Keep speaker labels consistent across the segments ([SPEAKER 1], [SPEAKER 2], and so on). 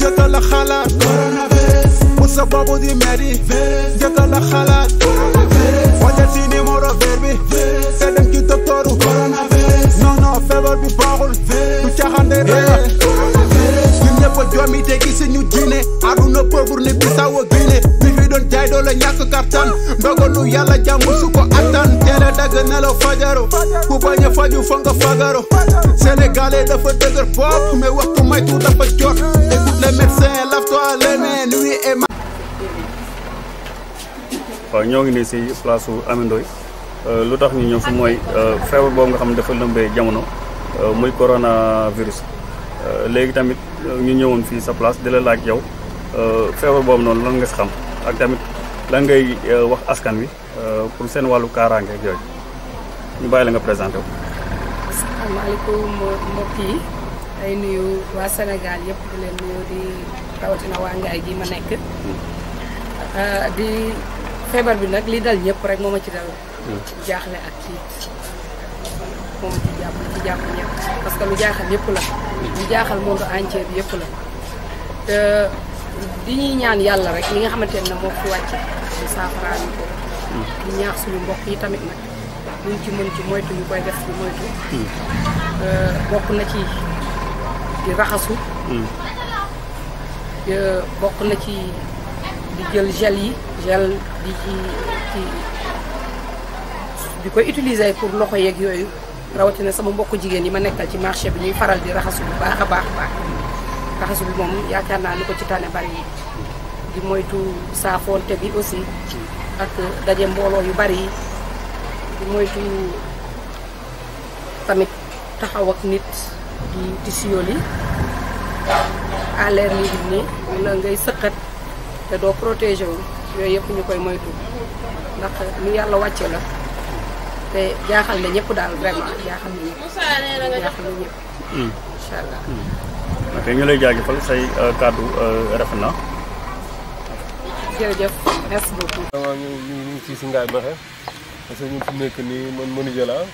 [SPEAKER 1] جتل خلات والسبب دي ماري جتل خلات وجتيني مرة فيربي سلم كي دكتور نو نو فيبر بي باغل بتشاخان دي ñun ñëpp a jommi te gisuñu diine
[SPEAKER 2] aduna pauvre ni bisawo Guinée doon jaay doo la ñàkk kattan ndogonu yàlla jàmm su ko attan teel a dagg nelaw fajaro ku bañ a faju fa nga fagaro sénégalais dafa dëgër bopp mais waxtu maytu dafa jot écoute les médecins lave-toi les mains nuit et matin
[SPEAKER 3] waaw ñoo ngi nii si place su Amy Ndoye euh, lu tax ñu ñëw fi mooy euh, feebar boobu nga xam dafa lëmbee jamono euh, muy coronavirus léegi tamit ñu ñëwoon fii sa place di la laaj yow feebar boobu noonu lan nga xam. ak tamit la ngay euh, wax askan wi euh, pour sen walu karange ak yooyu ñu bay la nga présenté wu.
[SPEAKER 4] assalamu alaykum mbokki ay nuyu wa Sénégal yépp di len nuyu di rawatina waa Ngaay gi ma nekk euh, di feebar bi nak li dal ñëpp rek moma ci dal hmm. jaxlé ak ci moom ci jàpp ci jàpp ñepp parce que lu jaxal ñepp la hmm. lu jaxal monde entier bi yëpp la te di ñaan yàlla rek li nga xamante ne moo fi wàcc di saafaraani ko. di ñaax suñu mbokk yi tamit nag luñ ci mën ci moytu ñu koy def ci moytu. Hmm. bokk na ci di raxasu. Hmm. Euh, bokk na ci di jël gel yi gel di ci ci di koy utiliser pour loxo yeeg yooyu rawatina sama mbokk jigéen yi ma nekkal ci marché bi ñuy faral di raxasu bu baax a baax a baax. raxasul moom yaakaar naa lu ko ci tànne bari yi di moytu saafoonte bi aussi ak daje mbooloo yu bari yi di moytu tamit taxaw ak nit di di siyoli à l'air libre ni ngay sëqat te doo protéger wu yooyu yëpp ñu koy moytu ndax nu yàlla wàcce la te jaaxal ne ñëpp daal vraiment jaaxal na ñëpp jaaxal hmm. allah
[SPEAKER 3] hmm. ok ñu ngi jaajëfal say euh, kàddu euh, rafet na.
[SPEAKER 5] jërëjëf merci beaucoup. vraiment ñu ñu ngi fi nekk nii man menuisier laa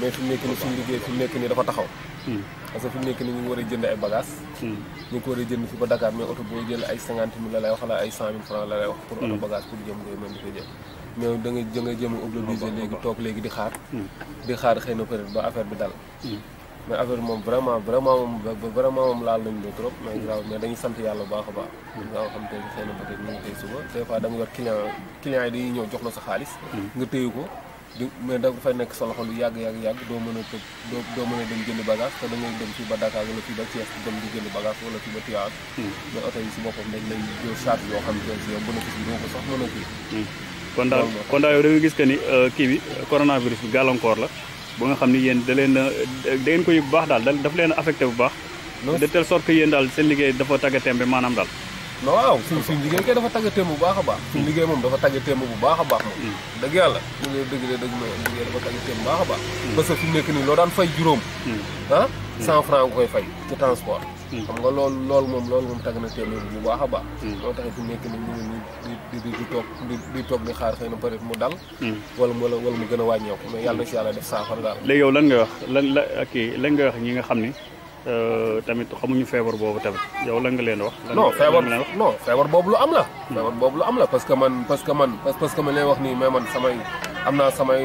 [SPEAKER 5] mais fi nekk nii suñu liggéey fi nekk nii dafa taxaw. Hmm. parce que fi mu nekk nii ñu ngi war a jënd ay bagages. Hmm. ñu ngi ko war a jënd fi ba Dakar mais oto boo jël ay cinquante mille la lay wax wala ay cent mille franc la lay wax. pour oto hmm. bagage pour jëm ngay mën di ko jël. mais da nga da nga jëm obligé léegi toog léegi di xaar. di xaar xëy na peut-être ba affaire bi dal. mais affaire moom vraiment vraiment moom vraiment moom laal nañu de trop mais grave sant yàlla bu baax a baax nga mm. xam te xëy na peut-être ñu client yi dañuy ñëw jox la sa xaalis mm. nga téyu ko mais da nga fay nekk sa loxo lu yàgg yàgg yàgg doo mën a doo doo a dem jënd bagage te da ngay dem fii ba Dakar wala fii ba Thiès dem di jënd bagage wala fii ba Thiès mais mm. oto si boppam dañ lay jël charge yoo xam te si yow bénéfice ko sax mën a
[SPEAKER 3] kii kon daal kon daal yow da nga gis que ni euh, kii bi coronavirus bi gàllankoor la ba nga xam ni yéen da leen da ngeen ko yëg bu baax daal daf leen affecté bu baax de telle sorte que yéen daal seen liggéey dafa tagga tembe maanaam daal
[SPEAKER 6] non
[SPEAKER 5] dafa tagga tembe bu baax a baax suñ liggéey moom dafa tagga tembe bu baax a baax moom mm. dëgg yàlla ñu ngi dëgg de dëgg ma liggéey dafa tagga tembe bu baax a baax mm. parce que fi mu nekk nii loo daan fay juróom mm. ah cent franc nga koy fay ci transport Hmm. xam nga loolu loolu moom loolu moom tag na téeméer bu baax a baax hmm. moo tax fi nekk ni ñu di di di toog di xaar xay na peut-être mu dal hmm. wala mu wala gën a wàññeeku mais yàlla na si yàlla def saafara daal léegi
[SPEAKER 3] yow lan nga wax lan la kii lan nga wax ñi nga xam ni
[SPEAKER 5] euh, tamit xamuñu feebar boobu tamit yow lan nga leen wax non feebar non feebar boobu lu am la feebar boobu lu am la parce que man parce que man parce que man wax nii mais man samay am naa samay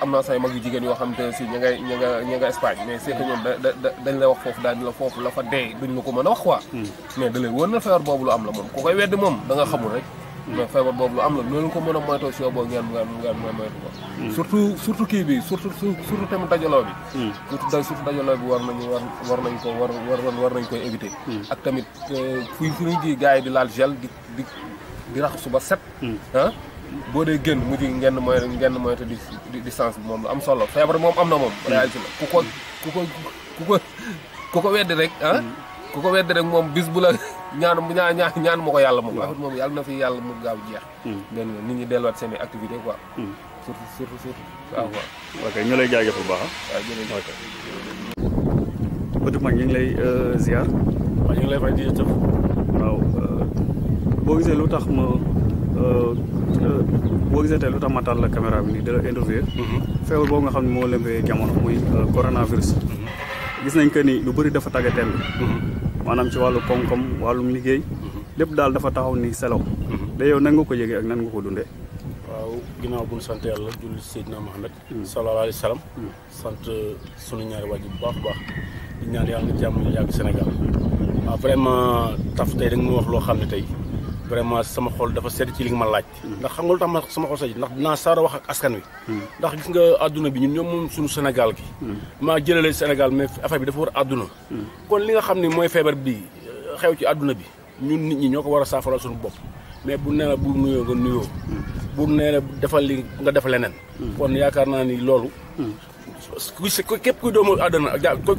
[SPEAKER 5] am naa samay mag yu jigéen yoo xam te si ña ngay ña nga ña nga Espagne mais c'est que ñoom da da dañ la wax foofu daal la foofu la fa dee duñ la ko mën a wax quoi hmm. mais da lay wër na feebar boobu lu am la moom ko koy wedd moom da nga xamul rek hmm. mais feebar boobu lu am la loolu ko mën a moytoo si yow boobu ngeen ngeen ngeen moytu ko hmm. surtout surtout kii bi surtout surtout tamit dajaloo bi surtout da surtout dajaloo bi war nañu war war ko war war war nañ koy éviter ak tamit fu euh, fu ñu di gars yi di laal gel di di di raxasu ba set ah boo dee génn mujj ngeen mooy ngeen moytu di di distance bi moom lu am solo feebar moom am na moom. Mm. réalité la ku ko ku ko ku ko ku ko weddi rek ah. Mm. ku ko weddi rek moom bis bu la ñaan ñaan ñaan ma ko yàlla moom. waaw moom yàlla na fi yàlla mu gaaw jeex. dégg mm. nga nit ñi delluwaat seen activité quoi. surtout surtout surtout. waaw waaw. ok ñu
[SPEAKER 3] lay jaajëf bu baax ah. waaw jërëjëf ok. Badou Mag ñu ngi lay euh, ziar. waaw ñu ngi lay fay di waaw euh, boo gisee lu tax ma. Euh, Euh, boo gisee tey lu tax ma taal la caméra bi nii di la interview mhm. feebar boobu nga xam ne moo lëmbee jamono muy euh, coronavirus mhm. gis nañ que ni lu bari dafa tàggateel mhm. maanaam ci wàllu koom-koom wàllum liggéey lépp daal dafa taxaw ni selaw da yow nan nga ko yëgee ak nan nga ko dundee
[SPEAKER 2] waaw ginnaaw bu ñu sant yàlla julli Seydina Mohamed mm. sallallahu alayhi wa sallam mm. sant euh, sunu ñaari waajur bu baax baax di ñaan yàlla na jàmm yàgg Sénégal waaw ah, vraiment taf tey da nga wax loo xam ne tey vraiment sama xol dafa sedd ci li nga ma laaj ndax xam nga lu tax ma sama xol sedd ndax naa saara wax ak askan wi ndax gis nga àdduna bi ñun ñoom moom suñu senegal gi maa jëlale Sénégal mais affaire bi dafa àdduna kon li nga xam ne mooy feebar bi euh, xew ci àdduna bi ñun nit ñi ñoo ko war a saafara suñu bopp mais bu nee bu nuyoo nga nuyoo bu nee la defal li nga def leneen kon yaakaar naa ni loolu ku képp kuy doomu àdduna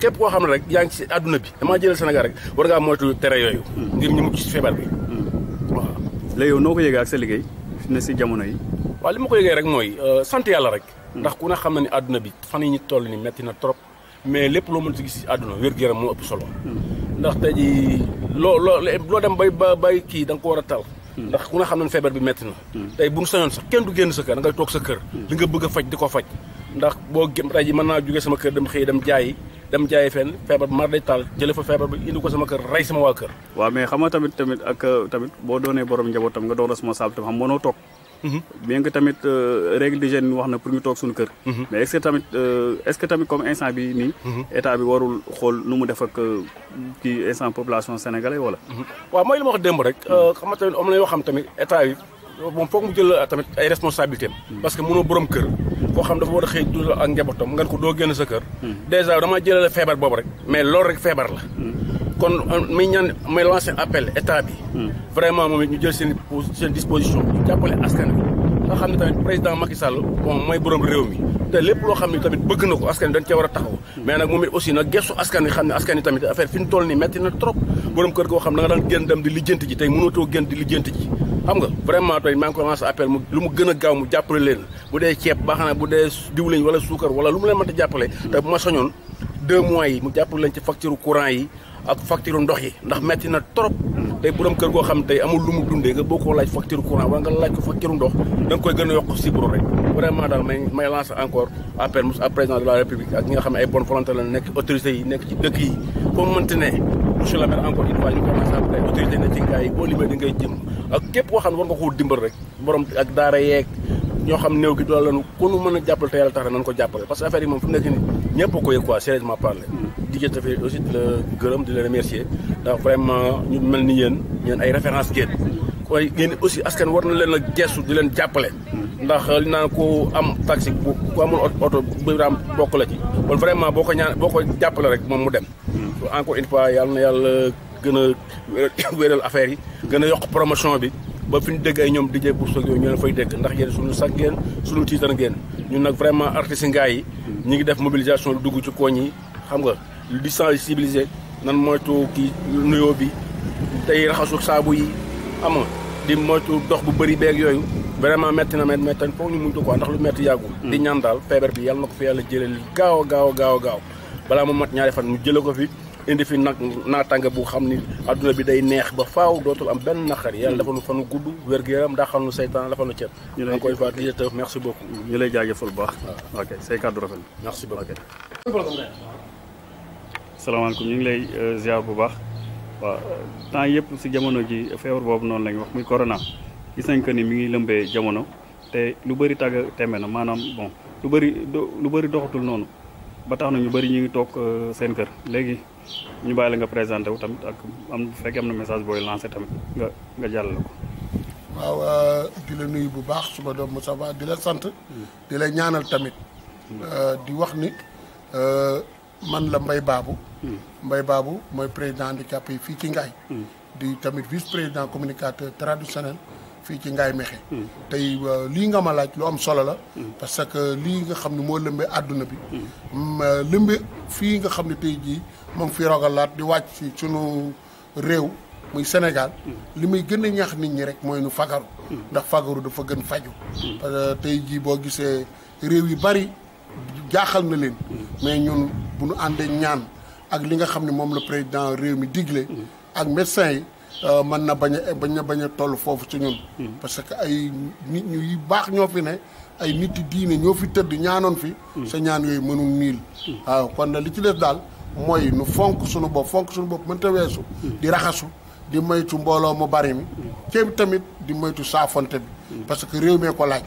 [SPEAKER 2] képp koo xam ne rek yaa ngi ci àdduna bi damaa jëlal Sénégal rek war ngaa moytu tere yooyu ngir ñu mucc ci feebar bi léegi yow noo ko yëgee ak sa liggéey ne si jamono yi. waaw li ma ko yéegee rek mooy euh, sant yàlla rek. Hmm. ndax ku ne xam na ni àdduna bi fan yi ñu toll ni metti na trop mais lépp loo mën si gis si àdduna wér-gu-yaram moo ëpp solo. Hmm. ndax tey jii loo loo loo dem bay ba bay kii danga ko war a tal. Hmm. ndax ku ne xam na feebar bi metti na. tey bu ñu sañoon sax kenn du génn sa kër da toog sa kër. li nga bëgg a faj di ko faj. ndax boo gëm tey ji naa jóge sama kër dem xëy dem jaayi dem jaayi fenn feebar bi mar day taal jële fa feebar bi indi ko sama kër rey sama waa kër
[SPEAKER 3] waaw mais xam nga tamit tamit wax na pour ñu toog suñu kër mhm. mais que tamit euh, est-ce bi nii mhm. bi warul
[SPEAKER 2] xool nu mu def ak euh, kii instant population sénégalaise wala mhm. waaw mooy li ma wax démb rek euh, xam nga tamit am yoo xam tamit état bi moom foog mu jël tamit ay responsabilités parce que mënoo borom kër koo xam dafa war a xëy dund ak njabootam nga ko doo génn sa kër. Hmm. dèjà dama jëlale feebar boobu rek. mais loolu rek feebar la. Hmm. kon euh, muy appel état bi. Hmm. vraiment moom it ñu jël seen seen disposition ñu jàppale askan bi nga xam ne tamit président Macky Sall moom mooy borom réew mi te lépp loo xam ne tamit bëgg na ko askan wi dañ cee war a taxaw. mais nag moom it aussi nag gëstu askan wi xam ne askan wi tamit affaire fi ñu toll nii métti na trop. borom kër goo xam da nga daan génn dem di lijjanti ji tey mënatoo génn di ji. xam nga vraiment tey maa ngi commencé appel mu lu mu gën a gaaw mu jàppale leen bu dee ceeb baax na bu dee diw lañ wala suukar wala lu mu leen mënta jàppale hmm. te bu ma soñoon deux mois yi mu jàppale leen ci facture courant yi ak facture ndox yi ndax metti na trop hmm. tey borom kër goo xam tey amul lu mu dundee nga boo ko laaj facture courant wala nga laaj ko facture ndox da nga koy gën a yokk sibro rek vraiment daal may may encore appel mus ak ñi nekk autorité yi nekk ci dëkk yi comme mënti ne monsieur le maire ay autorité na ci ngaay boo limee da ngay jëm ak képp koo xam ne war nga koo dimbal rek borom ak daara yeeg ñoo xam néew gi dool la ku nu mën a jàppal te yàlla tax na nañ ko jàppale parce que affaire yi moom fu mu nekk nii ko yëg quoi sérieusement parlé hmm. di jël affaire aussi di la gërëm di la remercier ndax vraiment ñu mel ni yéen ñeen ay référence ngeen koy ngeen aussi askan war na leen a gestu di leen jàppale hmm. ndax li naan ko am taxi ku amul oto biram bokk la ci kon vraiment boo ko ñaan boo ko jàppale rek moom mu dem hmm. encore une fois yàlla na yàlla gën a wéral affaire yi gën a yokk promotion bi ba fi ñu dégg ay ñoom DJ Bousso yooyu ñoo leen fay dégg ndax yéen suñu sag ngeen suñu tiitar ngeen ñu nag vraiment artistes ngaay yi ñu ngi def mobilisation dugg ci kooñ yi xam nga di sensibiliser nan moytu kii nuyoo bi tey raxasu saabu yi xam nga di moytu dox bu bari beeg yooyu vraiment metti na met mettan foog ñu muñ ko quoi ndax lu metti yàggul hmm. di ñaan daal feebar bi yàlla na ko fi yàlla jëlee gaaw a gaaw a a gaaw balaa mu mat ñaari fan mu jële ko fi indi fi nag naatànga bu xam ni adduna bi day neex ba faw dootul am benn naqar yàlla dafa nu fanu gudd wér-gu-yaram xam nu seytaan dafa nu ceeb ñu ngi koy faat li tëf merci beaucoup ñu lay jaajëfal bu baax ok say kàddu rafet merci beaucoup
[SPEAKER 3] salaamaaleykum ñu ngi lay euh, ziar bu baax waaw temps yëpp si jamono ji feebar boobu noonu lañ wax muy corona gis nañ que ni mi ngi lëmbee jamono te lu bëri tàgg tembe na maanaam bon lu bari lu bëri doxatul noonu ba tax na ñu bëri ñu ngi toog euh, seen kër léegi ñu bàyyi la nga présenté wu tamit ak am bu fekkee am na message booy lancé tamit nga nga
[SPEAKER 6] la ko. waaw euh, di la nuyu bu baax suba doom Moussa Ba di la sant. Hmm. di lay ñaanal tamit. Hmm. Euh, di wax ni man la mbay baabu hmm. mbay baabu mooy président handicapé yi fii ci Ngaye. di tamit vice président communicateur traditionnel. fii ci Ngaye Mékhé tey euh, lii nga ma laaj lu am solo la parce que lii nga xam ne moo lëmbee àdduna bi lëmbee fii nga xam ne tey jii moom fi rogalaat di wàcc ci sunu réew muy Sénégal li muy gën a ñaax nit ñi rek mooy nu fagaru ndax fagaru dafa gën faju tey jii boo gisee réew yu bari jaaxal na leen mais ñun bu nu àndee ñaan ak li nga xam ne moom la président réew mi digle ak médecin yi Euh, mën na bañ a bañ na bañ a toll foofu ci ñun. Hmm. parce que ay nit ñu baax ñoo fi ne ay nit yi diine ñoo fi tëdd ñaanoon fi. Hmm. sa ñaan yooyu mënul niil. Hmm. waaw kon na li ci def daal mooy nu fonk suñu bopp fonk suñu bopp mënta weesu. di raxasu di moytu mbooloo mu bari mi. ceeb tamit di moytu saafonte bi. parce que réew mee ko laaj.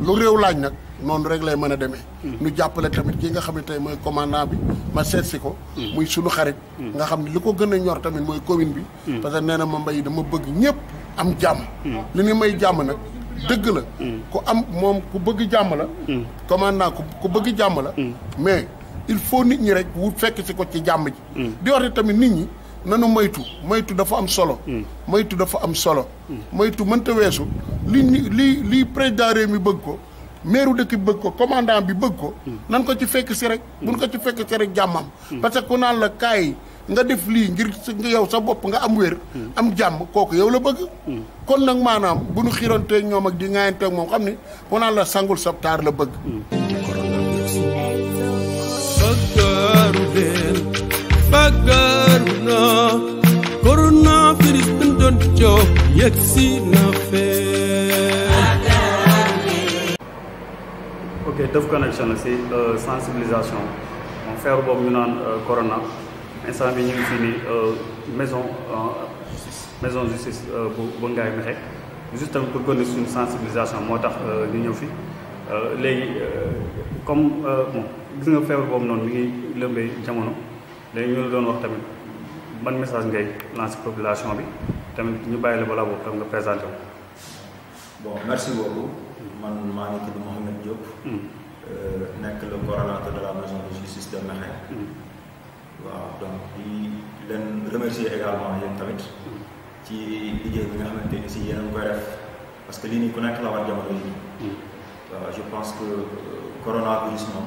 [SPEAKER 6] lu réew laaj nag. noonu rek lay mën a demee. Hmm. ñu jàppale tamit kii nga xam ne tey mooy commandant bi ma seet si ko. Hmm. muy sunu xarit. Hmm. nga xam ne li ko gën a ñor tamit mooy commune bi. parce que nee na ma mbay dama bëgg ñëpp am jàmm. li may jàmm nag dëgg la. ku am moom ku bëgg jàmm la. commandant ku bëgg jàmm mais il faut nit ñi rek wut fekk si ko ci jàmm ji. di wax tamit nit ñi. nanu moytu maytu dafa am solo. moytu dafa am solo. moytu mënta weesu li li li président réew mi bëgg ko. meru dëkk bi bëgg ko commandant bi bëgg ko hmm. nan ko ci fekk ci rek hmm. buñ ko ci fekk ci rek jammam hmm. parce que ku la kay nga def li ngir yow sa bop nga am wër am jamm koku yow la bëgg kon nak manam bu nu xiiranteeg ñom ak di ŋaayanteeg ak mom xamni la sangul sa tar la bëgg
[SPEAKER 1] corona na
[SPEAKER 3] okay tough connection si sensibilisation on feebar boobu ñu euh, corona instant bi ñu ngi fii nii euh, maison euh, maison justice bu bu Ngaye Mekhe juste tamit pour connaître une sensibilisation motax tax ñu ñëw fi légui comme bon gis nga feebar bobu non mi ngi lëmbee jamono léegi ñu la doon wax tamit ban message ngay lancer population bi tamit ñu bàyyi la balaa boobu tam nga présenté
[SPEAKER 7] bon merci beaucoup. man maa ngi tudd Mouhamed Diop. Hmm. Euh, nekk le coordonnateur de la maison de hmm. waaw donc di leen remercier également yéen tamit. Hmm. ci liggéey bi nga xamante ni si yéen a koy def parce que lii nii ku nekk la war jamono yi. waaw je pense que euh, coronavirus moom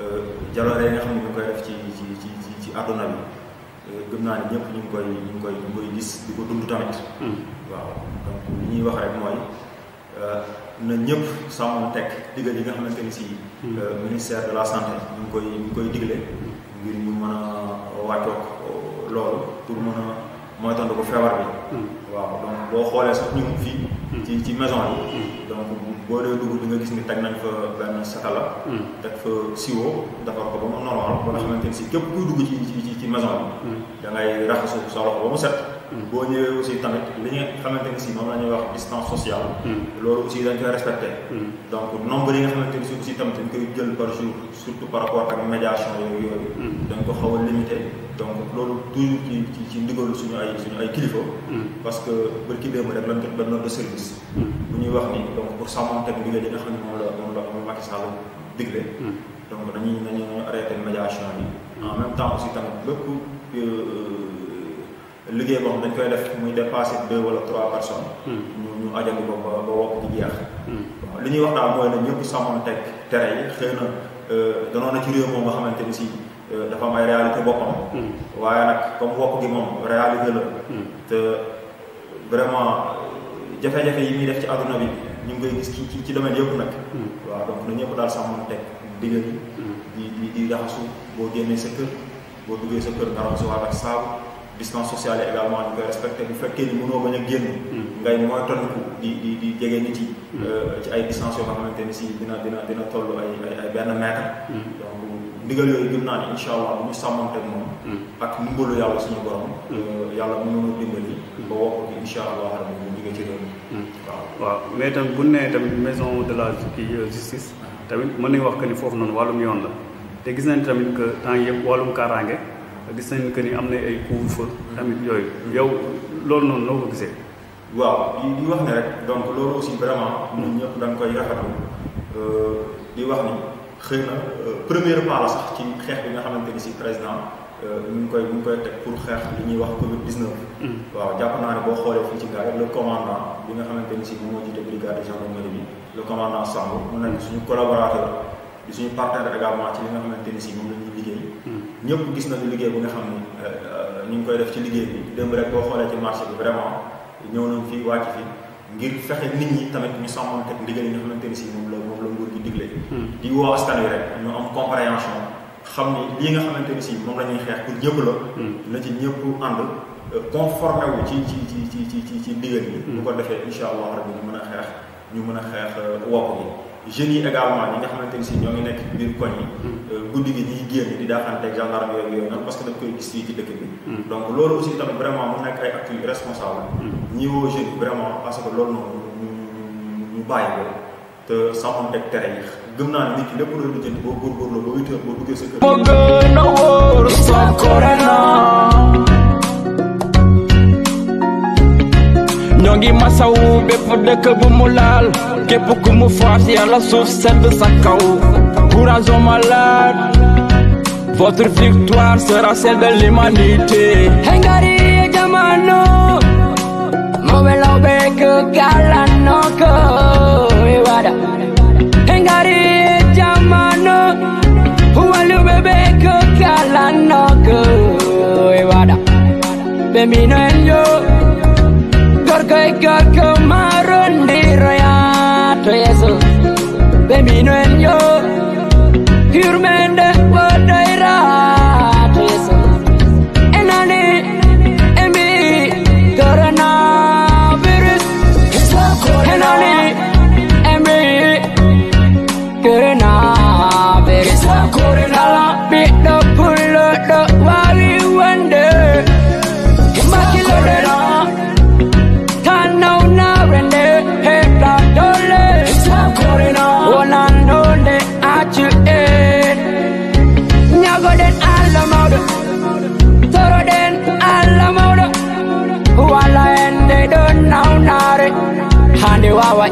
[SPEAKER 7] euh, jaloore yi nga xam ne ñu koy def ci ci ci ci ci bi gëm naa ni ñëpp ñu ngi koy ñu koy ñu gis di ko dund tamit. waaw donc li ñuy wax rek mooy. Euh, na ñëpp sàmm teg digal yi nga xamante ni si. Hmm. Euh, ministère de la santé ñu koy ñu ngi koy digle. Hmm. ngir ñu mën a wàccoog loolu pour mën a moytandiku feebar bi. Hmm. waaw donc boo xoolee sax ñu fii. ci ci maison yi. donc boo dee dugg di gis ni teg nañ fa benn satala. teg fa siwo defar ko ba mu normal ba nga xamante ni si képp kuy dugg ci da ngay raxasu sa loxo ba mu set. boo ñëwee aussi tamit li nga xamante ni si moom la ñuy wax distance sociale. Hmm. loolu aussi dañ koy respecté. Hmm. donc nombre yi nga xamante ni si aussi tamit dañ koy jël par jour surtout par rapport ak médiation yooyu yooyu. Hmm. dañ ko xaw a donc loolu toujours ci ci ci suñu ay kilifa. parce que barki démb rek lañ jot benn note de service. bu ñuy wax ni donc pour sàmmante ak ndigal yi nga xam ne moom la moom la moom Macky Sall digle. donc dañuy nañu arrêté médiation yi. liggéey boo xam dañ koy def muy dépassé deux wala trois personnes. Hmm. ñu ñu ajagu ko ba ba wopp di jeex. Hmm. li ñuy wax daal mooy ne ñëpp sàmmoon tere yi xëy na euh, danoon ci réew moom nga xamante ni si euh, dafa am ay réalité boppam. Hmm. waaye nag comme wopp gi moom réalité la. te vraiment jafe-jafe yi muy def ci àdduna bi ñu ngi koy gis ci ci domaine yëpp nag. waaw donc na ñëpp daal sàmmoon teg di di di raxasu boo génnee sa kër boo duggee sa kër nga raxasuwaat ak saabu. distance sociale yi également ñu koy respecté bu fekkee ni mënoo bañ a génn. ngay moytandiku di di di jege nit yi. Euh, ci ay distance yoo xamante ni si dina dina dina toll ay benn mètre. donc ndigal yooyu gëm naa ni incha allah bu ñu sàmmanteeg moom. ak ndimbalu yàlla suñu borom. Euh, yàlla mënoon a dimbali. ba wokk bi incha allah rabbi bu jógee ci réew mi. waaw waaw
[SPEAKER 3] mais tamit bu nee tamit maison de la euh, justice. tamit mën nañu wax que ni foofu noonu wàllum yoon la te gis nañ tamit que temps a gis nañ que ni am na ay couvre-feu tamit yooyu yow loolu noonu noo ko gisee.
[SPEAKER 7] waaw di di wax ne rek donc loolu aussi vraiment. mu hmm. ñëpp dañ koy rafetlu euh, di wax ni na euh, premier pas sax ci xeex bi nga xamante ni si président euh, ñu ngi koy ñu ngi koy teg pour xeex li ñuy wax Covid 19. Hmm. waaw jàpp naa ne boo xoolee fii ci gars yi le commandant bi nga xamante ni si moom moo jiite brigade de gendarmerie bi le commandant Samb mu nekk suñu collaborateur di suñu partenaire également ci li nga xamante ni si moom ñëpp gis nañu liggéey bu nga xam ne euh, euh, ñu ngi koy def ci liggéey bi démb rek boo xoolee ci marché bi vraiment ñëw nañ fi wàcc fi ngir fexe nit ñi tamit ñu sàmmoon teg ndigal yi nga xamante ni si moom la moom la nguur gi digle hmm. di woo askan wi rek ñu am compréhension xam ni lii nga xamante ni si moom la ñuy xeex pour ñëpp la hmm. na ci ñëpp ànd euh, conformé wu ci ci ci ci ci ci ci ndigal yi hmm. bu ko defee incha allah rabi ñu mën a xeex ñu mën a xeex wokk bi jeunes yi également ñi nga xamante ni si ñoo ngi nekk biir koñ yi hmm. euh, guddi gi ñuy génn di daafante ak gendarme yooyu yooyu noonu parce que dañ koy gis fii ci dëkk bi hmm. donc loolu aussi tamit vraiment mu nekk ay actes responsable hmm. ñi woo jeunes vraiment parce que loolu noonu ñu bàyyi ko te sàmmante ak tere yi
[SPEAKER 1] gëm naa ne lépp lu doon jënd boo góorgóorloo ba huit heures boo duggee sa kër ñoo ngi bépp dëkk bu mu laal képp ku mu faas yàlla suuf sedd sa kaw courage votre victoire sera celle de l'humanité hengari jamano mobe lobe ko ewada hengari jamano huwalu bebe ko galano ewada bemino Africa kemarin dirayat Yesus Beminoen yo Hirmen den alla mawɗo bitoro den alla mawɗo wala en nde ɗo nawnare hande wawa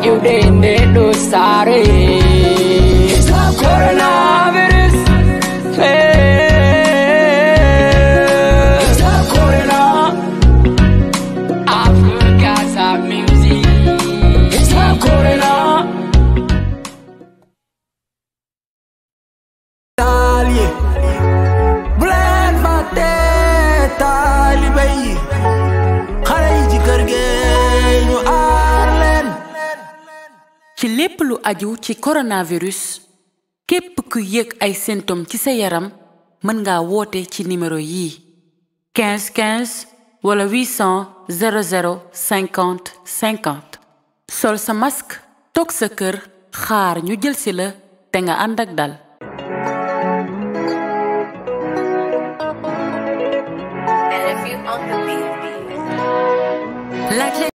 [SPEAKER 4] lépp lu aju ci coronavirus képp ku yëg ay symptômes ci sa yaram mën nga woote ci numéro yi 15 15 wala 800 00 50 50 sol sa masque toog sa kër xaar ñu jël si la te nga ànd ak dal